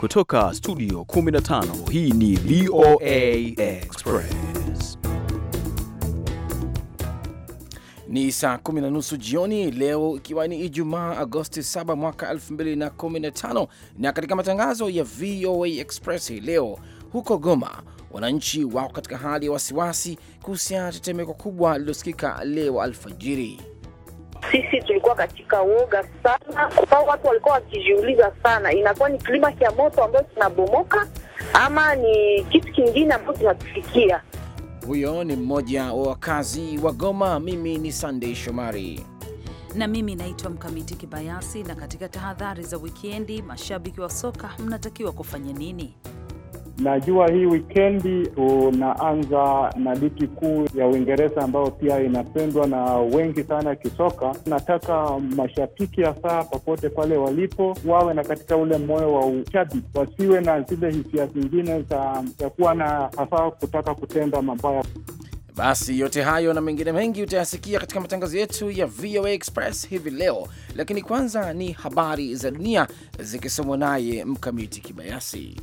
Kutoka studio 15 hii ni VOA Express. Ni saa kumi na nusu jioni leo, ikiwa ni Ijumaa Agosti 7 mwaka 2015, na katika matangazo ya VOA Express hii leo, huko Goma wananchi wako katika hali ya wasiwasi kuhusiana na tetemeko kubwa lililosikika leo alfajiri sisi tulikuwa katika woga sana, kwa sababu watu walikuwa wakijiuliza sana, inakuwa ni kilima cha moto ambayo kinabomoka ama ni kitu kingine ambacho kinatufikia. Huyo ni mmoja wa wakazi wa Goma. Mimi ni Sunday Shomari na mimi naitwa Mkamiti Kibayasi. Na katika tahadhari za wikendi, mashabiki wa soka mnatakiwa kufanya nini? Najua hii wikendi tunaanza na ligi kuu ya Uingereza ambayo pia inapendwa na wengi sana kisoka. Nataka mashabiki hasa popote pale walipo wawe na katika ule moyo wa uchabi, wasiwe na zile hisia zingine za kuwa na hasa kutaka kutenda mabaya. Basi yote hayo na mengine mengi utayasikia katika matangazo yetu ya VOA Express hivi leo, lakini kwanza ni habari za dunia zikisomwa naye Mkamiti Kibayasi.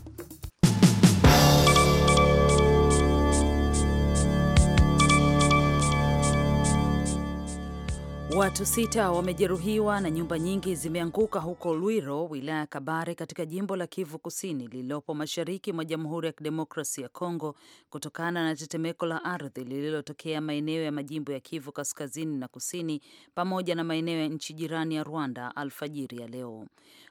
Watu sita wamejeruhiwa na nyumba nyingi zimeanguka huko Lwiro, wilaya ya Kabare, katika jimbo la Kivu Kusini lililopo mashariki mwa Jamhuri ya Kidemokrasi ya Kongo, kutokana na tetemeko la ardhi lililotokea maeneo ya majimbo ya Kivu Kaskazini na Kusini pamoja na maeneo ya nchi jirani ya Rwanda alfajiri ya leo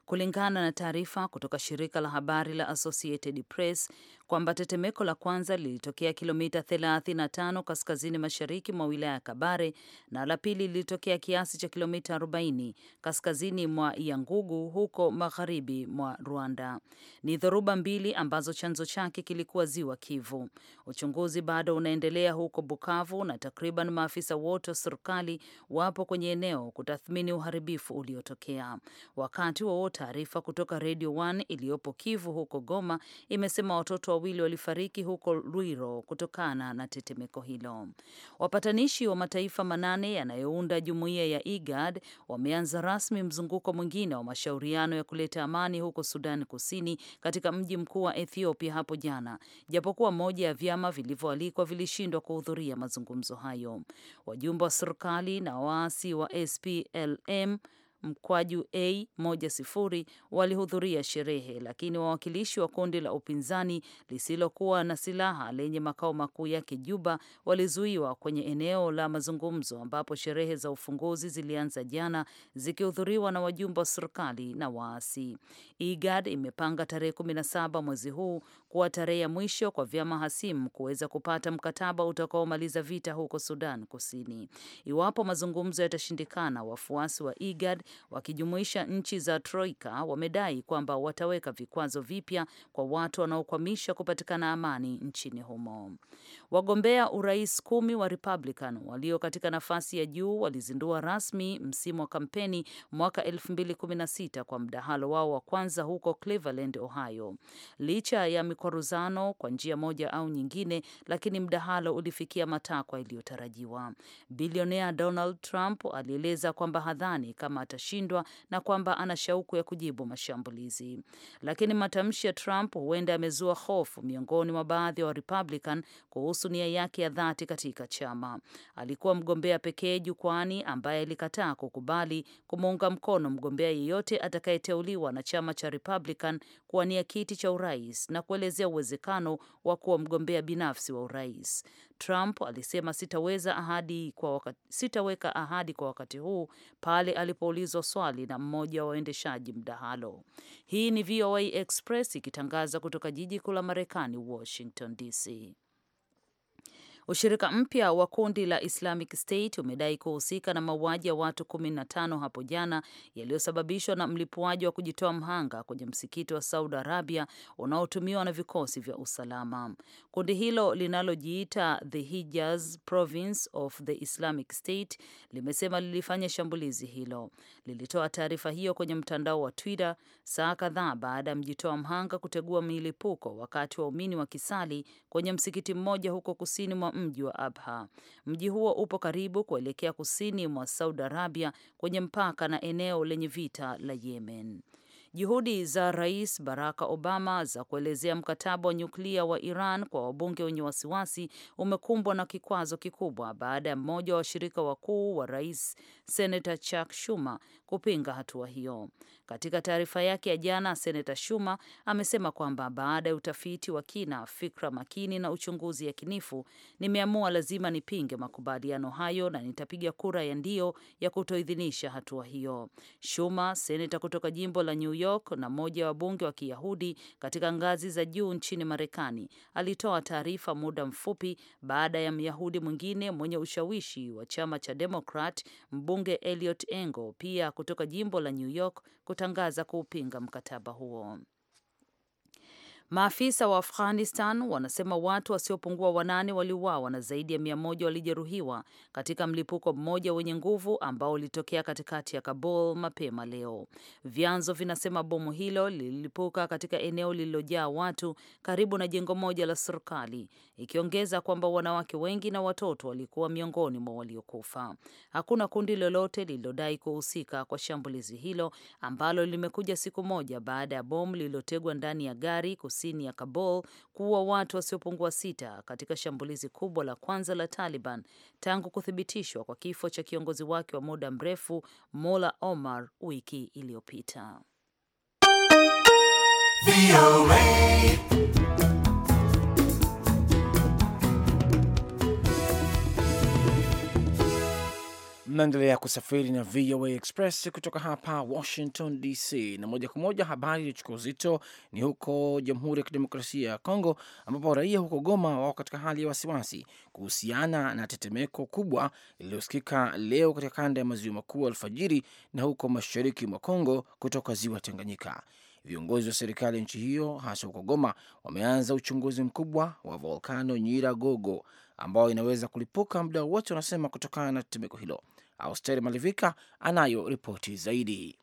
kulingana na taarifa kutoka shirika la habari la Associated Press kwamba tetemeko la kwanza lilitokea kilomita 35 kaskazini mashariki mwa wilaya ya Kabare na la pili lilitokea kiasi cha kilomita 40 kaskazini mwa Yangugu huko magharibi mwa Rwanda. Ni dhoruba mbili ambazo chanzo chake kilikuwa Ziwa Kivu. Uchunguzi bado unaendelea huko Bukavu na takriban maafisa wote wa serikali wapo kwenye eneo kutathmini uharibifu uliotokea. Wakati wowote Taarifa kutoka Radio iliyopo Kivu huko Goma imesema watoto wawili walifariki huko Rwiro kutokana na tetemeko hilo. Wapatanishi wa mataifa manane yanayounda jumuiya ya IGAD wameanza rasmi mzunguko mwingine wa mashauriano ya kuleta amani huko Sudan Kusini, katika mji mkuu wa Ethiopia hapo jana, japokuwa moja ya vyama vilivyoalikwa vilishindwa kuhudhuria mazungumzo hayo. Wajumbe wa serikali na waasi wa SPLM mkwaju a sifuri walihudhuria sherehe, lakini wawakilishi wa kundi la upinzani lisilokuwa na silaha lenye makao makuu yake Juba walizuiwa kwenye eneo la mazungumzo ambapo sherehe za ufunguzi zilianza jana zikihudhuriwa na wajumbe wa serikali na waasi. IGAD imepanga tarehe 17 mwezi huu kuwa tarehe ya mwisho kwa vyama hasimu kuweza kupata mkataba utakaomaliza vita huko Sudan Kusini. Iwapo mazungumzo yatashindikana, wafuasi wa IGAD wakijumuisha nchi za Troika wamedai kwamba wataweka vikwazo vipya kwa watu wanaokwamisha kupatikana amani nchini humo. Wagombea urais kumi wa Republican walio katika nafasi ya juu walizindua rasmi msimu wa kampeni mwaka 2016 kwa mdahalo wao wa kwanza huko Cleveland, Ohio. Licha ya koruzano kwa njia moja au nyingine, lakini mdahalo ulifikia matakwa yaliyotarajiwa. Bilionea Donald Trump alieleza kwamba hadhani kama atashindwa na kwamba ana shauku ya kujibu mashambulizi, lakini matamshi ya Trump huenda yamezua hofu miongoni mwa baadhi ya wa Republican kuhusu nia yake ya dhati katika chama. Alikuwa mgombea pekee jukwani ambaye alikataa kukubali kumuunga mkono mgombea yeyote atakayeteuliwa na chama cha Republican kuwania kiti cha urais na kueleza akielezea uwezekano wa kuwa mgombea binafsi wa urais. Trump alisema sitaweza ahadi kwa wakati, sitaweka ahadi kwa wakati huu pale alipoulizwa swali na mmoja wa waendeshaji mdahalo. Hii ni VOA Express ikitangaza kutoka jiji kuu la Marekani, Washington DC. Ushirika mpya wa kundi la Islamic State umedai kuhusika na mauaji ya watu 15 hapo jana yaliyosababishwa na mlipuaji wa kujitoa mhanga kwenye msikiti wa Saudi Arabia unaotumiwa na vikosi vya usalama. Kundi hilo linalojiita The Hijaz Province of the Islamic State limesema lilifanya shambulizi hilo. Lilitoa taarifa hiyo kwenye mtandao wa Twitter saa kadhaa baada ya mjitoa mhanga kutegua milipuko wakati waumini kisali kwenye msikiti mmoja huko kusini mwa mji wa Abha. Mji huo upo karibu kuelekea kusini mwa Saudi Arabia kwenye mpaka na eneo lenye vita la Yemen. Juhudi za Rais Barack Obama za kuelezea mkataba wa nyuklia wa Iran kwa wabunge wenye wasiwasi umekumbwa na kikwazo kikubwa baada ya mmoja wa washirika wakuu wa rais Senator Chuck Schumer kupinga hatua hiyo. Katika taarifa yake ya jana, Seneta Shuma amesema kwamba baada ya utafiti wa kina, fikra makini na uchunguzi yakinifu, nimeamua lazima nipinge makubaliano hayo na nitapiga kura ya ndio ya kutoidhinisha hatua hiyo. Shuma, seneta kutoka jimbo la New York na mmoja wa bunge wa Kiyahudi katika ngazi za juu nchini Marekani, alitoa taarifa muda mfupi baada ya Myahudi mwingine mwenye ushawishi wa chama cha Democrat, mbunge Eliot Engo, pia kutoka jimbo la New York kutangaza kuupinga mkataba huo. Maafisa wa Afghanistan wanasema watu wasiopungua wanane waliuawa na zaidi ya mia moja walijeruhiwa katika mlipuko mmoja wenye nguvu ambao ulitokea katikati ya Kabul mapema leo. Vyanzo vinasema bomu hilo lililipuka katika eneo lililojaa watu karibu na jengo moja la serikali, ikiongeza kwamba wanawake wengi na watoto walikuwa miongoni mwa waliokufa. Hakuna kundi lolote lililodai kuhusika kwa shambulizi hilo ambalo limekuja siku moja baada ya bomu lililotegwa ndani ya gari kusini ya Kabul kuua watu wasiopungua sita katika shambulizi kubwa la kwanza la Taliban tangu kuthibitishwa kwa kifo cha kiongozi wake wa muda mrefu Mola Omar wiki iliyopita. Mnaendelea kusafiri na VOA Express kutoka hapa Washington DC, na moja kwa moja habari iliyochukua uzito ni huko Jamhuri ya Kidemokrasia ya Kongo, ambapo raia huko Goma wako katika hali ya wasiwasi kuhusiana na tetemeko kubwa lililosikika leo katika kanda ya maziwa makuu alfajiri na huko mashariki mwa Kongo kutoka ziwa Tanganyika. Viongozi wa serikali ya nchi hiyo hasa huko Goma wameanza uchunguzi mkubwa wa volkano Nyiragogo ambayo inaweza kulipuka muda wowote, wanasema kutokana na tetemeko hilo. Austeri Malivika anayo ripoti zaidi.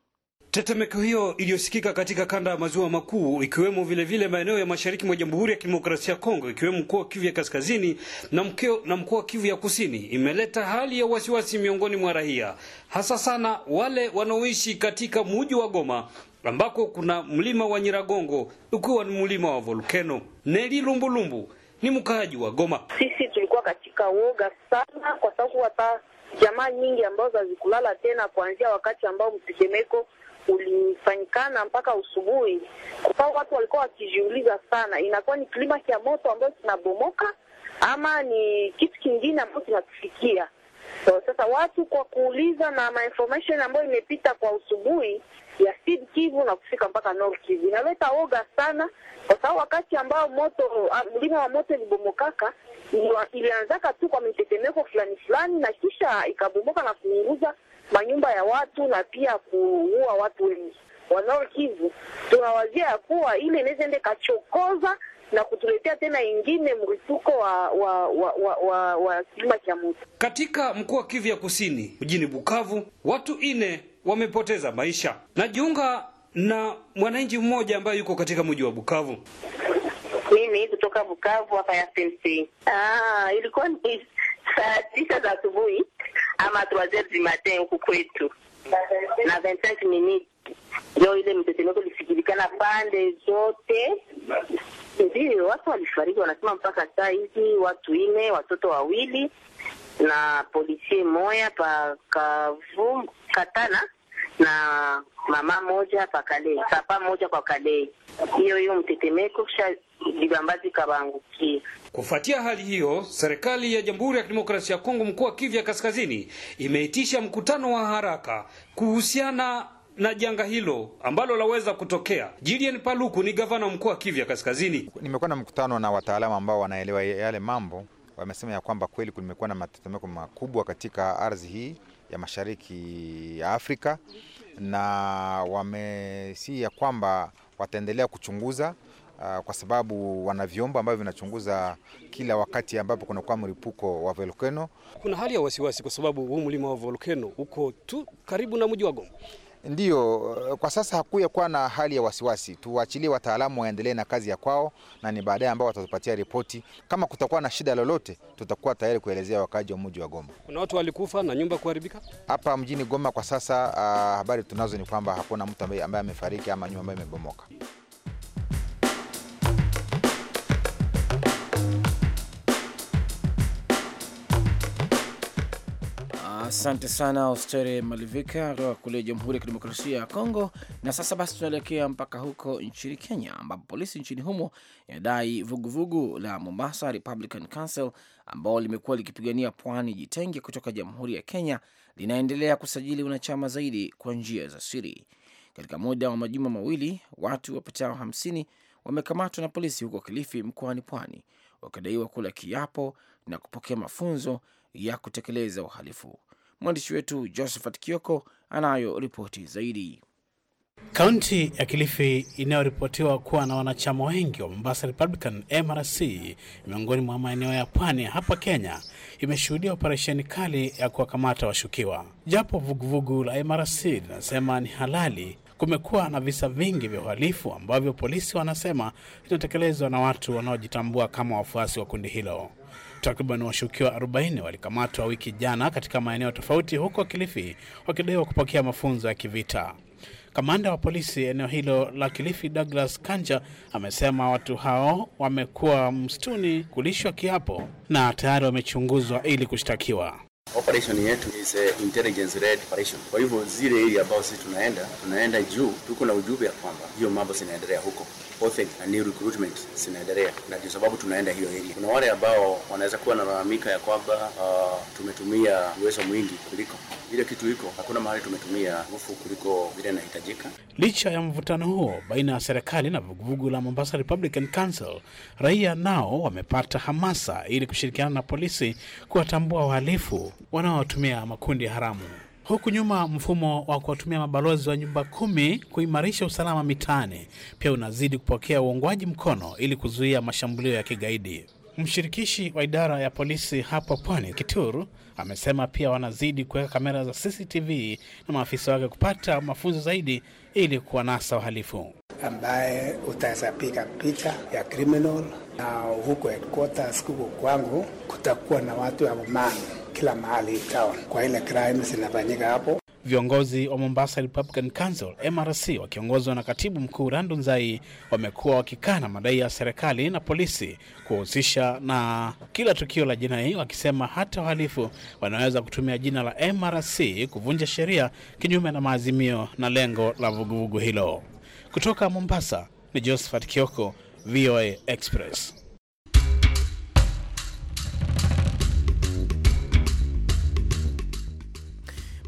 Tetemeko hiyo iliyosikika katika kanda ya maziwa makuu ikiwemo vilevile maeneo ya mashariki mwa Jamhuri ya Kidemokrasia ya Kongo ikiwemo mkoa wa Kivu ya Kaskazini na mkeo, na mkoa wa Kivu ya Kusini imeleta hali ya wasiwasi miongoni mwa raia, hasa sana wale wanaoishi katika muji wa Goma ambako kuna mlima wa Nyiragongo ukiwa ni mlima wa volkeno. Neli Lumbulumbu ni mkaaji wa Goma. Sisi tulikuwa katika woga sana kwa sababu hata jamaa nyingi ambazo hazikulala tena kuanzia wakati ambao mtetemeko ulifanyikana mpaka usubuhi kwa sababu watu walikuwa wakijiuliza sana, inakuwa ni kilima cha moto ambayo kinabomoka ama ni kitu kingine ambacho kinatufikia. So, sasa watu kwa kuuliza na ma information ambayo imepita kwa usubuhi ya Sud Kivu na kufika mpaka North Kivu inaleta oga sana, kwa sababu wakati ambao moto ah, mlima wa moto ilibomokaka ilianzaka tu kwa mitetemeko fulani fulani, na kisha ikabomoka na kuunguza manyumba ya watu na pia kuua watu wengi kivu Tunawazia ya kuwa ile inaweza ende kachokoza na kutuletea tena ingine mrituko wa wa wa, wa, wa, wa kilima cha mtu katika mkoa wa Kivu ya Kusini, mjini Bukavu, watu ine wamepoteza maisha. Najiunga na mwananchi mmoja ambaye yuko katika mji wa Bukavu mimi kutoka Bukavu hapa ya FMC. Ah, ilikuwa ni saa tisa za asubuhi ama du matin huku kwetu na 25 minutes ndio ile mtetemeko lisikilikana pande zote, ndio watu walifariki, wanasema mpaka saa hizi watu ine, watoto wawili na polisie moya pakavum katana na mama moja pa kale papa moja kwa Kalei. Hiyo hiyo mtetemeko kisha vijambazi kawaangukie. Kufuatia hali hiyo, serikali ya Jamhuri ya Kidemokrasia ya Kongo mkoa wa Kivu ya Kaskazini imeitisha mkutano wa haraka kuhusiana na janga hilo ambalo laweza kutokea. Julian Paluku ni gavana mkuu wa Kivu ya Kaskazini. Nimekuwa na mkutano na wataalamu ambao wanaelewa yale mambo, wamesema ya kwamba kweli kumekuwa na matetemeko makubwa katika ardhi hii ya mashariki ya Afrika, na wamesii ya kwamba wataendelea kuchunguza uh, kwa sababu wana vyombo ambavyo vinachunguza kila wakati ambapo kunakuwa mlipuko wa volcano. Kuna hali ya wasiwasi kwa sababu huu mlima wa volcano uko tu karibu na mji wa Goma. Ndiyo, eh, kwa sasa hakuya kuwa na hali ya wasiwasi. Tuwaachilie wataalamu waendelee na kazi ya kwao, na ni baadaye ambao watatupatia ripoti. Kama kutakuwa na shida lolote, tutakuwa tayari kuelezea wakaaji wa mji wa Goma. Kuna watu walikufa na nyumba kuharibika hapa mjini Goma. Kwa sasa uh, habari tunazo ni kwamba hakuna mtu ambaye amefariki ama nyumba ambayo imebomoka. Asante sana Austere Malivika kutoka kule Jamhuri ya Kidemokrasia ya Kongo. Na sasa basi, tunaelekea mpaka huko nchini Kenya, ambapo polisi nchini humo inadai vuguvugu la Mombasa Republican Council ambao limekuwa likipigania pwani jitenge kutoka Jamhuri ya Kenya linaendelea kusajili wanachama zaidi kwa njia za siri. Katika muda wa majuma mawili, watu wapatao hamsini wamekamatwa na polisi huko Kilifi mkoani Pwani wakidaiwa kula kiapo na kupokea mafunzo ya kutekeleza uhalifu. Mwandishi wetu Josephat Kioko anayo ripoti zaidi. Kaunti ya Kilifi inayoripotiwa kuwa na wanachama wengi wa Mombasa Republican MRC miongoni mwa maeneo ya pwani hapa Kenya imeshuhudia operesheni kali ya kuwakamata washukiwa. Japo vuguvugu la MRC linasema ni halali, kumekuwa na visa vingi vya uhalifu ambavyo polisi wanasema vinatekelezwa na watu wanaojitambua kama wafuasi wa kundi hilo. Takriban washukiwa 40 walikamatwa wiki jana katika maeneo tofauti huko Kilifi wakidaiwa kupokea mafunzo ya kivita. Kamanda wa polisi eneo hilo la Kilifi, Douglas Kanja, amesema watu hao wamekuwa msituni kulishwa kiapo na tayari wamechunguzwa ili kushtakiwa. Operation yetu is a uh, intelligence led operation. Kwa hivyo zile ili ambayo sisi tunaenda tunaenda juu, tuko na ujumbe ya kwamba hiyo mambo zinaendelea huko othing na new recruitment zinaendelea, na ndio sababu tunaenda hiyo area. Kuna wale ambao wanaweza kuwa na lalamika ya kwamba uh, tumetumia uwezo mwingi kuliko vile kitu iko. Hakuna mahali tumetumia nguvu kuliko vile inahitajika. Licha ya mvutano huo baina ya serikali na vuguvugu la Mombasa Republican Council, raia nao wamepata hamasa ili kushirikiana na polisi kuwatambua wahalifu wanaotumia makundi haramu. Huku nyuma mfumo wa kuwatumia mabalozi wa nyumba kumi kuimarisha usalama mitaani pia unazidi kupokea uungwaji mkono ili kuzuia mashambulio ya kigaidi. Mshirikishi wa idara ya polisi hapo Pwani, Kituru, amesema pia wanazidi kuweka kamera za CCTV na maafisa wake kupata mafunzo zaidi ili kuwanasa wahalifu ambaye utaweza piga picha ya criminal na huko headquarters, kwangu kutakuwa na watu wa umani kila mahali town, kwa ile crime zinafanyika hapo. Viongozi wa Mombasa Republican Council MRC wakiongozwa na katibu mkuu Randu Nzai wamekuwa wakikana madai ya serikali na polisi kuhusisha na kila tukio la jinai, wakisema hata wahalifu wanaweza kutumia jina la MRC kuvunja sheria kinyume na maazimio na lengo la vuguvugu hilo. Kutoka Mombasa ni Josephat Kioko, VOA Express.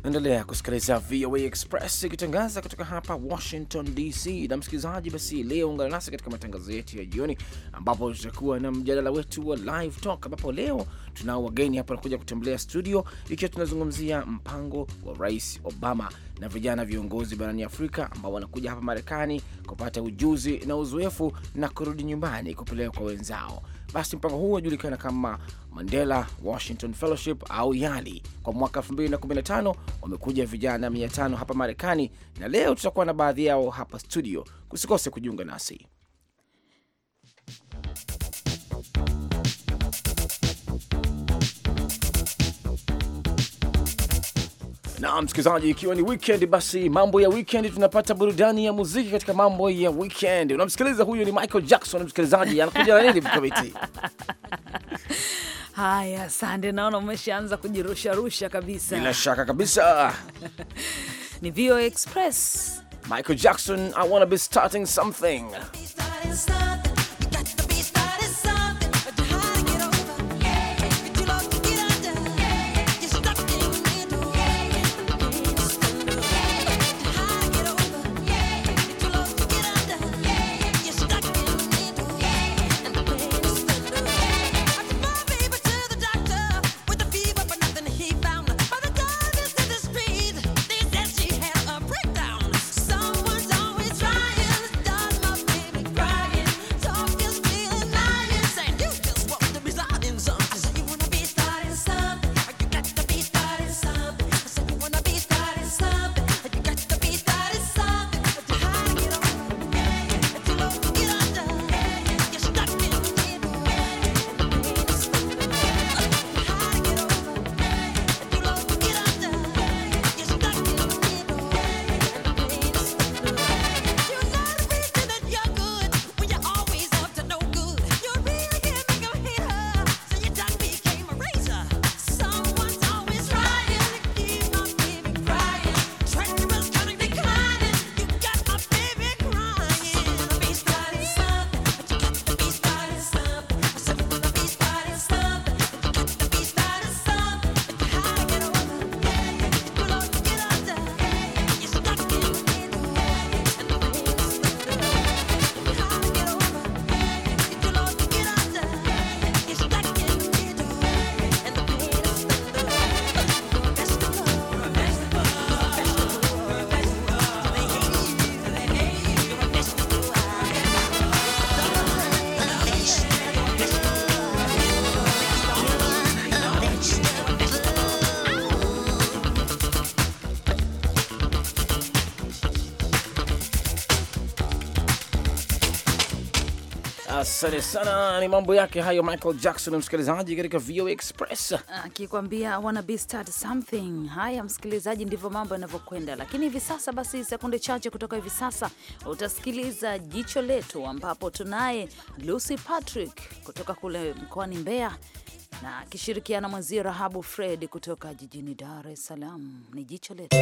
Naendelea kusikiliza VOA Express ikitangaza kutoka hapa Washington DC. Na msikilizaji, basi leo ungana nasi katika matangazo yetu ya jioni, ambapo tutakuwa na mjadala wetu wa Live Talk, ambapo leo tunao wageni hapa wanakuja kutembelea studio, ikiwa tunazungumzia mpango wa Rais Obama na vijana viongozi barani Afrika ambao wanakuja hapa Marekani kupata ujuzi na uzoefu na kurudi nyumbani kupeleka kwa wenzao basi mpango huu unajulikana kama Mandela Washington Fellowship au YALI. Kwa mwaka 2015 wamekuja vijana 500 hapa Marekani, na leo tutakuwa na baadhi yao hapa studio. Kusikose kujiunga nasi. na msikilizaji, ikiwa ni weekend, basi mambo ya weekend, tunapata burudani ya muziki katika mambo ya weekend. Unamsikiliza huyu ni Michael Jackson, msikilizaji, anakuja na nini mkamiti? Haya, sande, naona umeshaanza kujirusharusha kabisa. Bila shaka kabisa ni VOA Express, Michael Jackson, I wanna be starting something Asante sana, ni mambo yake hayo Michael Jackson, msikilizaji katika VOA Express akikwambia wanna be start something. Haya msikilizaji, ndivyo mambo yanavyokwenda, lakini hivi sasa basi, sekunde chache kutoka hivi sasa utasikiliza jicho letu, ambapo tunaye Lucy Patrick kutoka kule mkoani Mbeya na akishirikiana mwenzie Rahabu Fred kutoka jijini Dar es Salaam. Ni jicho letu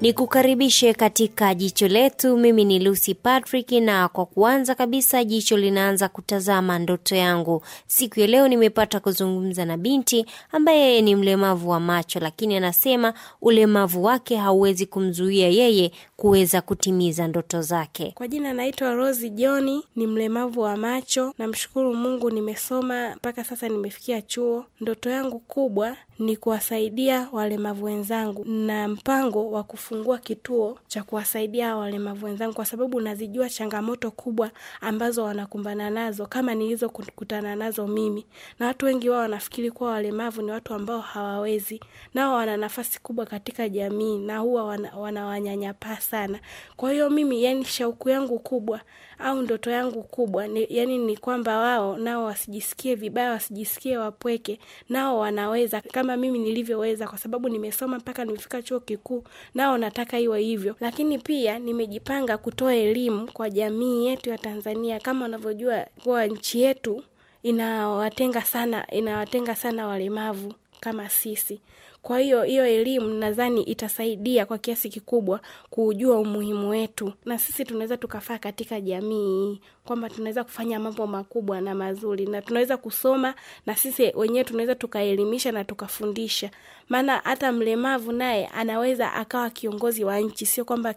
ni kukaribishe katika jicho letu. Mimi ni Lucy Patrick, na kwa kuanza kabisa jicho linaanza kutazama ndoto yangu. Siku ya leo nimepata kuzungumza na binti ambaye ni mlemavu wa macho, lakini anasema ulemavu wake hauwezi kumzuia yeye kuweza kutimiza ndoto zake. Kwa jina anaitwa Rosi Joni, ni mlemavu wa macho. Namshukuru Mungu nimesoma mpaka sasa nimefikia chuo. Ndoto yangu kubwa ni kuwasaidia walemavu wenzangu na mpango wa kufungua kituo cha kuwasaidia walemavu wenzangu, kwa sababu nazijua changamoto kubwa ambazo wanakumbana nazo kama nilizokutana nazo mimi, na watu wengi wao wanafikiri kuwa walemavu ni watu ambao hawawezi, nao wana nafasi kubwa katika jamii na huwa wanawanyanyapaa wana sana. Kwa hiyo mimi, yani shauku yangu kubwa au ndoto yangu kubwa ni, yani ni kwamba wao nao wasijisikie vibaya, wasijisikie wapweke, nao wanaweza kama mimi nilivyoweza, kwa sababu nimesoma mpaka nimefika chuo kikuu, nao nataka iwe hivyo. Lakini pia nimejipanga kutoa elimu kwa jamii yetu ya Tanzania. Kama unavyojua kuwa nchi yetu inawatenga sana, inawatenga sana walemavu kama sisi. Kwa hiyo hiyo elimu nadhani itasaidia kwa kiasi kikubwa kujua umuhimu wetu, na sisi tunaweza tukafaa katika jamii, kwamba tunaweza kufanya mambo makubwa na mazuri, na tunaweza kusoma na sisi wenyewe tunaweza tukaelimisha na tukafundisha. Maana hata mlemavu naye anaweza akawa kiongozi wa nchi, sio kwamba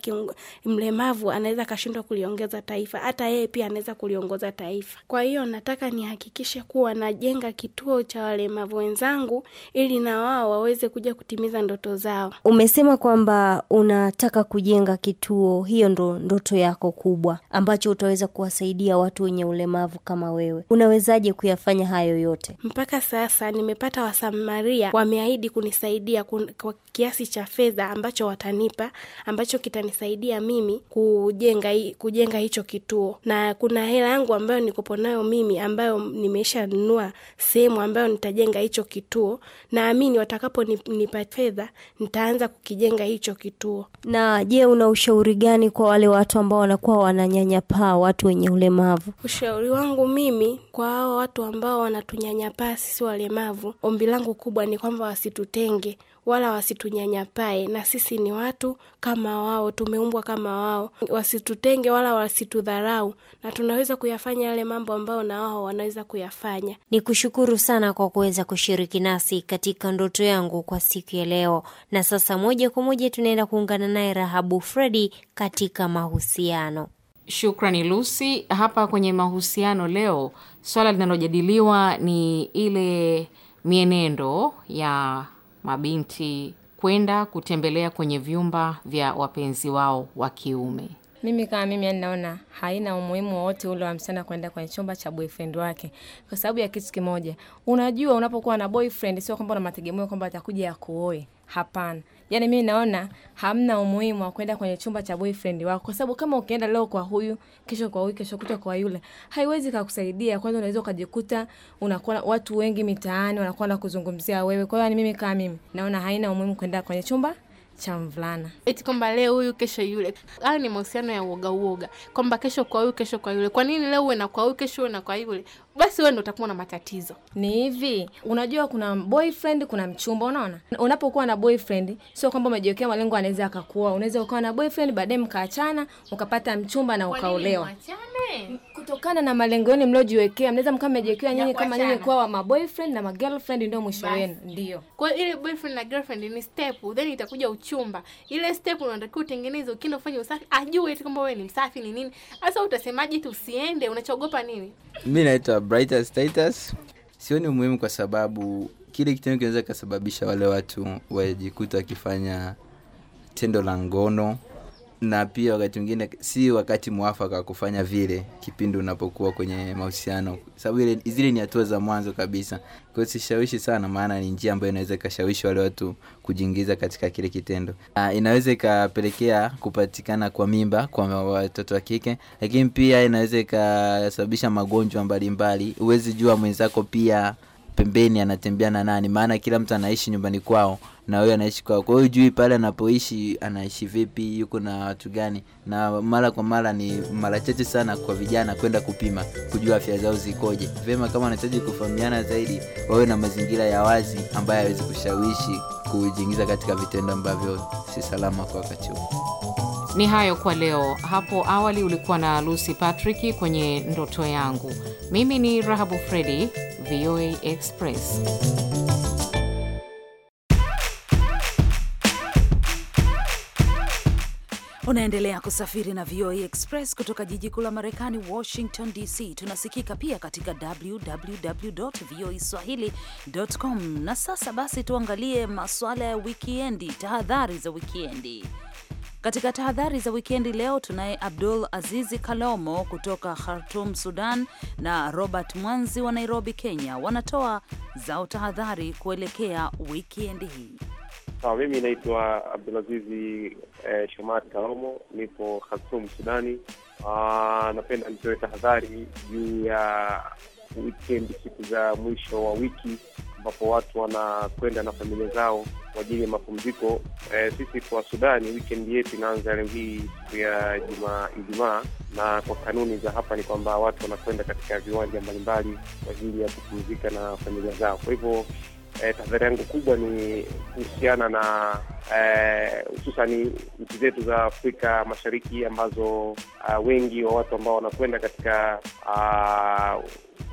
mlemavu anaweza akashindwa kuliongeza taifa. Hata yeye pia anaweza kuliongoza taifa. Kwa hiyo nataka nihakikishe kuwa najenga kituo cha walemavu wenzangu ili na wao waweze kuja kutimiza ndoto zao. Umesema kwamba unataka kujenga kituo, hiyo ndo ndoto yako kubwa, ambacho utaweza kuwasaidia watu wenye ulemavu kama wewe. Unawezaje kuyafanya hayo yote? Mpaka sasa nimepata wasamaria, wameahidi kunisaidia kun, kwa kiasi cha fedha ambacho watanipa, ambacho kitanisaidia mimi kujenga, kujenga hicho kituo, na kuna hela yangu ambayo nikopo nayo mimi ambayo nimeisha nunua sehemu ambayo nitajenga hicho kituo. Naamini watakapo nipa fedha, nitaanza kukijenga hicho kituo. Na je, una ushauri gani kwa wale watu ambao wanakuwa wananyanyapaa watu wenye ulemavu? Ushauri wangu mimi kwa hao watu ambao wanatunyanyapaa sisi walemavu, ombi langu kubwa ni kwamba wasitutenge, wala wasitunyanyapae na sisi ni watu kama wao, tumeumbwa kama wao, wasitutenge wala wasitudharau, na tunaweza kuyafanya yale mambo ambayo na wao wanaweza kuyafanya. Ni kushukuru sana kwa kuweza kushiriki nasi katika ndoto yangu kwa siku ya leo, na sasa moja kwa moja tunaenda kuungana naye Rahabu Fredi katika mahusiano. Shukrani lusi Hapa kwenye mahusiano leo, swala linalojadiliwa ni ile mienendo ya mabinti kwenda kutembelea kwenye vyumba vya wapenzi wao wa kiume. Mimi kama mimi ninaona yaani haina umuhimu wowote ule wa msichana kwenda kwenye chumba cha boyfriend wake kwa sababu ya kitu kimoja. Unajua, unapokuwa na boyfriend sio kwamba una mategemeo kwamba atakuja akuoe. Hapana. Yaani mimi naona hamna umuhimu wa kwenda kwenye chumba cha boyfriend wako kwa sababu kama ukienda leo kwa huyu, kesho kwa huyu, kesho kutwa kwa yule, haiwezi kakusaidia. Kwanza unaweza ukajikuta unakuwa watu wengi mitaani wanakuwa na kuzungumzia wewe. Kwa hiyo yani mimi kama mimi naona haina umuhimu kwenda kwenye chumba cha mvulana, eti kwamba leo huyu kesho yule. Hayo ni mahusiano ya uoga uoga, kwamba kesho kwa huyu kesho kwa yule. Kwa nini leo uwe na kwa huyu kesho uwe na kwa yule? Basi wewe ndo utakuwa na matatizo. Ni hivi, unajua kuna boyfriend, kuna mchumba. Unaona, unapokuwa na boyfriend sio kwamba umejiwekea malengo anaweza akakuoa. Unaweza ukawa na boyfriend baadaye mkaachana, ukapata mchumba na ukaolewa. Kwa nini mwachane? kutokana na malengo yenu mliojiwekea, mnaweza mkawa mmejiwekea nyinyi kama nyinyi kuwa wa ma boyfriend na ma girlfriend, ndio mwisho wenu. Ndio kwa hiyo ile boyfriend na girlfriend ni step, then itakuja uchumba. Ile step unatakiwa utengeneze, ukienda ufanye usafi, ajue eti kwamba wewe ni msafi ni nini. Sasa utasemaje tu usiende? Unachogopa nini? Mimi naitwa Brighter Status. Sioni umuhimu kwa sababu kile kitendo kinaweza kasababisha wale watu wajikuta wakifanya tendo la ngono na pia wakati mwingine si wakati mwafaka wa kufanya vile kipindi unapokuwa kwenye mahusiano, sababu ile zile ni hatua za mwanzo kabisa. Kwa hiyo sishawishi sana, maana ni njia ambayo inaweza ikashawishi wale watu kujiingiza katika kile kitendo. Aa, inaweza ikapelekea kupatikana kwa mimba kwa watoto wa kike, lakini pia inaweza ikasababisha magonjwa mbalimbali. Huwezi jua mwenzako pia pembeni anatembea na nani, maana kila mtu anaishi nyumbani kwao na huyo anaishi kwao. Kwa hiyo jui pale anapoishi anaishi vipi, yuko na watu gani, na mara kwa mara ni mara chache sana kwa vijana kwenda kupima kujua afya zao zikoje. Vema kama anahitaji kufahamiana zaidi, wawe na mazingira ya wazi ambayo hawezi kushawishi kujiingiza katika vitendo ambavyo si salama kwa wakati huu. Ni hayo kwa leo. Hapo awali ulikuwa na Lucy Patrick kwenye ndoto yangu. Mimi ni Rahabu Fredi. VOA Express. Unaendelea kusafiri na VOA Express kutoka jiji kuu la Marekani, Washington DC. Tunasikika pia katika www voa swahili.com. Na sasa basi, tuangalie masuala ya wikiendi, tahadhari za wikiendi. Katika tahadhari za wikendi leo tunaye Abdul Azizi Kalomo kutoka Khartum, Sudan na Robert Mwanzi wa Nairobi, Kenya. Wanatoa zao tahadhari kuelekea wikendi hii. Sawa, mimi naitwa Abdulazizi eh, Shomari Kalomo, nipo Khartum, Sudani. Ah, napenda nitoe tahadhari juu ya wikendi, siku za mwisho wa wiki ambapo watu wanakwenda na familia zao kwa ajili ya mapumziko. E, sisi kwa Sudani weekend yetu inaanza leo hii siku ya juma Ijumaa, na kwa kanuni za hapa ni kwamba watu wanakwenda katika viwanja mbalimbali kwa ajili ya kupumzika na familia zao. Kwa hivyo e, tahadhari yangu kubwa ni kuhusiana na eh, hususani e, nchi zetu za Afrika Mashariki ambazo a, ah, wengi wa watu ambao wanakwenda katika a, ah,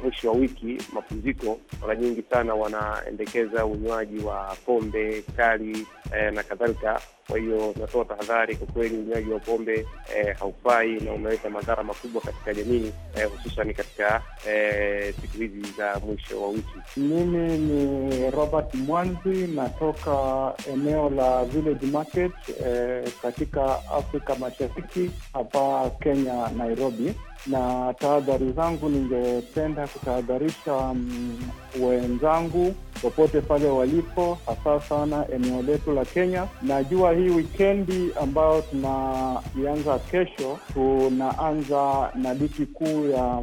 mwisho wa wiki mapumziko, mara nyingi sana wanaendekeza unywaji wa pombe kali eh, na kadhalika. Kwa hiyo unatoa tahadhari kwa kweli, unywaji wa pombe eh, haufai na unaleta madhara makubwa katika jamii eh, hususan katika eh, siku eh, hizi za mwisho wa wiki. Mimi ni Robert Mwanzi, natoka eneo la Village Market eh, katika Afrika Mashariki hapa Kenya, Nairobi na tahadhari zangu, ningependa kutahadharisha um, wenzangu popote pale walipo, hasa sana eneo letu la Kenya. Najua hii wikendi ambayo tunaianza kesho, tunaanza na ligi kuu ya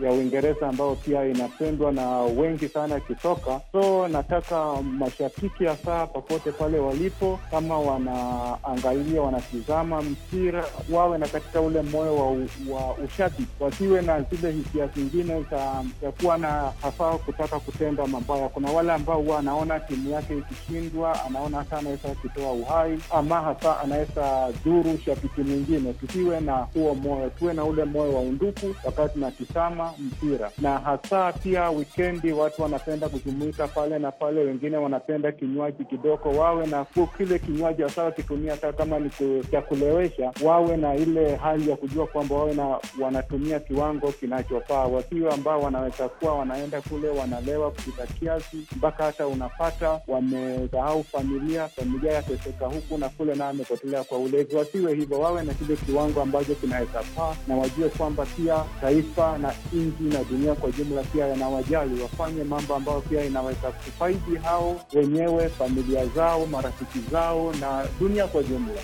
ya Uingereza ambayo pia inapendwa na wengi sana ikitoka. So nataka mashabiki hasa popote pale walipo, kama wanaangalia wanatizama mpira, wawe na katika ule moyo wa, wa ushabiki, wasiwe na zile hisia zingine za kuwa na hasa kutaka kutenda mabaya. Kuna wale wale ambao huwa anaona timu yake ikishindwa, anaona hata anaweza kutoa uhai ama hasa anaweza dhuru shabiki mwingine. Tusiwe na huo moyo, tuwe na ule moyo wa unduku wakati tunatizama mpira, na hasa pia wikendi watu wanapenda kujumuika pale na pale, wengine wanapenda kinywaji kidogo, wawe na kile kinywaji hasa wakitumia hata kama ni cha kulewesha, wawe na ile hali ya kujua kwamba wawe na wanatumia kiwango kinachofaa, wasiwe ambao wanaweza kuwa wanaenda kule wanalewa kupita kiasi mpaka hata unapata wamesahau familia, familia yateseka huku na kule, nao amepotelea kwa ulezi. Wasiwe hivyo, wawe na kile kiwango ambacho kinaweza paa, na wajue kwamba pia taifa na nchi na dunia kwa jumla pia yanawajali, wafanye mambo ambayo pia inaweza kufaidi hao wenyewe, familia zao, marafiki zao na dunia kwa jumla.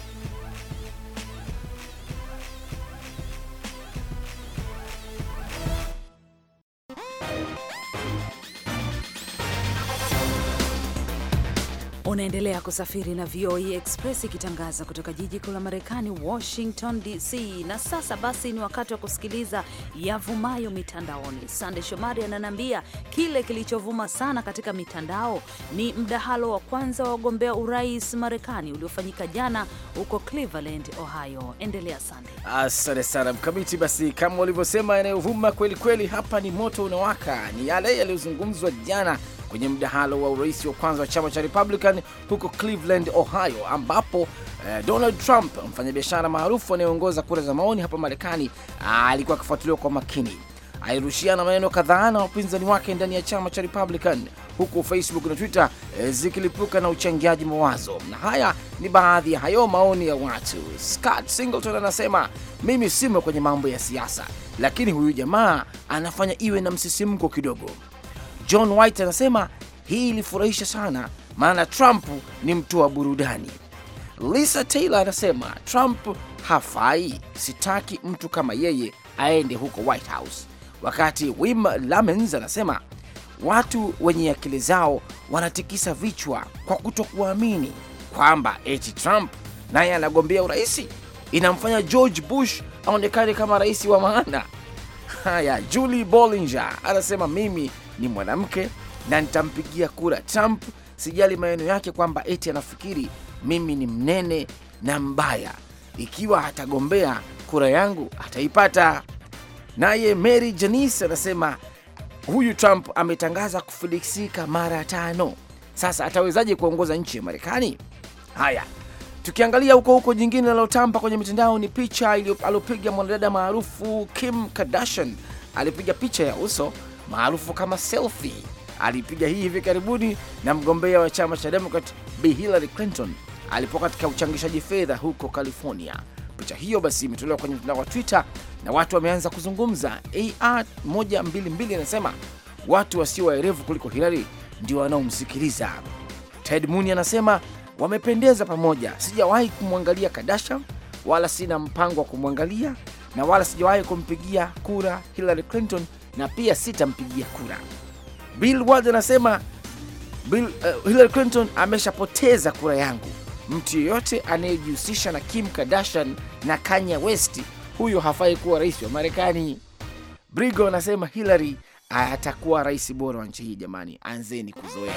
Unaendelea kusafiri na VOA e Express ikitangaza kutoka jiji kuu la Marekani, Washington DC. Na sasa basi, ni wakati wa kusikiliza yavumayo mitandaoni. Sande Shomari ananiambia kile kilichovuma sana katika mitandao ni mdahalo wa kwanza wa wagombea urais Marekani uliofanyika jana huko Cleveland, Ohio. Endelea Sande. Asante sana Mkamiti. Basi kama ulivyosema, yanayovuma kwelikweli hapa ni moto unawaka, ni yale yaliyozungumzwa jana kwenye mdahalo wa urais wa kwanza wa chama cha Republican huko Cleveland, Ohio, ambapo eh, Donald Trump, mfanyabiashara maarufu anayeongoza kura za maoni hapa Marekani, alikuwa akifuatiliwa kwa makini. Alirushiana maneno kadhaa na wapinzani wake ndani ya chama cha Republican, huku Facebook na Twitter eh, zikilipuka na uchangiaji mawazo, na haya ni baadhi ya hayo maoni ya watu. Scott Singleton anasema mimi simo kwenye mambo ya siasa, lakini huyu jamaa anafanya iwe na msisimko kidogo. John White anasema hii ilifurahisha sana, maana Trump ni mtu wa burudani. Lisa Taylor anasema Trump hafai, sitaki mtu kama yeye aende huko White House. Wakati Wim Lamens anasema watu wenye akili zao wanatikisa vichwa kwa kutokuamini kwamba eti Trump naye anagombea uraisi, inamfanya George Bush aonekane kama rais wa maana. Haya, Julie Bollinger anasema mimi ni mwanamke na nitampigia kura Trump, sijali maneno yake kwamba eti anafikiri mimi ni mnene na mbaya. Ikiwa atagombea, kura yangu ataipata. Naye Mary Janice anasema huyu Trump ametangaza kufilisika mara tano, sasa atawezaje kuongoza nchi ya Marekani? Haya, tukiangalia huko huko, jingine linalotamba kwenye mitandao ni picha aliyopiga mwanadada maarufu Kim Kardashian. Alipiga picha ya uso maarufu kama selfie alipiga hii hivi karibuni na mgombea wa chama cha Demokrat Bi Hillary Clinton alipo katika uchangishaji fedha huko California. Picha hiyo basi imetolewa kwenye mtandao wa Twitter na watu wameanza kuzungumza. AR 122 anasema watu wasio waerevu kuliko Hillary ndio wanaomsikiliza. Ted Mooney anasema wamependeza pamoja, sijawahi kumwangalia Kardashian wala sina mpango wa kumwangalia na wala sijawahi kumpigia kura Hillary Clinton na pia sitampigia kura. Bill Ward anasema Bill, uh, Hillary Clinton ameshapoteza kura yangu. Mtu yeyote anayejihusisha na Kim Kardashian na Kanye West huyo hafai kuwa rais wa Marekani. Brigo anasema Hillary ah, atakuwa rais bora wa nchi hii. Jamani, anzeni kuzoea.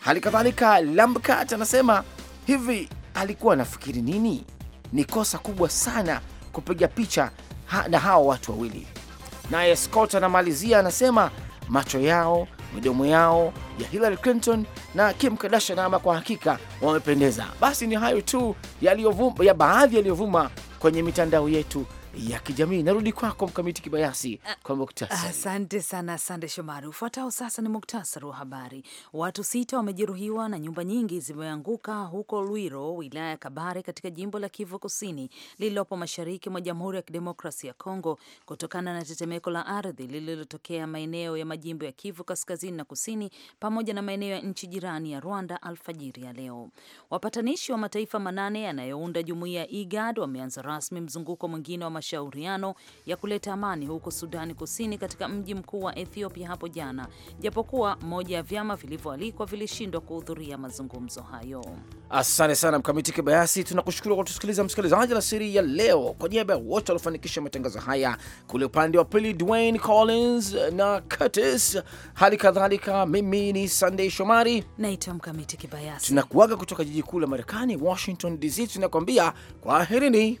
Hali kadhalika Lambkat anasema hivi, alikuwa anafikiri nini? Ni kosa kubwa sana kupiga picha na hawa watu wawili. Naye Scott anamalizia anasema, macho yao, midomo yao ya Hillary Clinton na Kim Kardashian ama kwa hakika wamependeza. Basi ni hayo tu ya baadhi yaliyovuma kwenye mitandao yetu ya kijamii. Narudi kwako Mkamiti Kibayasi eh, kwa muktasari. Asante sana, asante Shomari. Ufuatao sasa ni muktasari wa habari. Watu sita wamejeruhiwa na nyumba nyingi zimeanguka huko Lwiro, wilaya ya Kabare, katika jimbo la Kivu Kusini lililopo mashariki mwa Jamhuri ya Kidemokrasi ya Kongo kutokana na tetemeko la ardhi lililotokea maeneo ya majimbo ya Kivu Kaskazini na Kusini pamoja na maeneo ya nchi jirani ya Rwanda alfajiri ya leo. Wapatanishi wa mataifa manane yanayounda jumuiya ya IGAD wameanza rasmi mzunguko mwingine wa mashauriano ya kuleta amani huko Sudani Kusini katika mji mkuu wa Ethiopia hapo jana, japokuwa moja ya vyama vilivyoalikwa vilishindwa kuhudhuria mazungumzo hayo. Asante sana Mkamiti Kibayasi, tunakushukuru kwa kutusikiliza msikilizaji alasiri ya leo. Kwa niaba ya wote waliofanikisha matangazo haya, kule upande wa pili Dwayne Collins na Curtis, hali kadhalika mimi ni Sandey Shomari naitwa Mkamiti Kibayasi, tunakuaga kutoka jiji kuu la Marekani, Washington DC, tunakuambia kwaherini.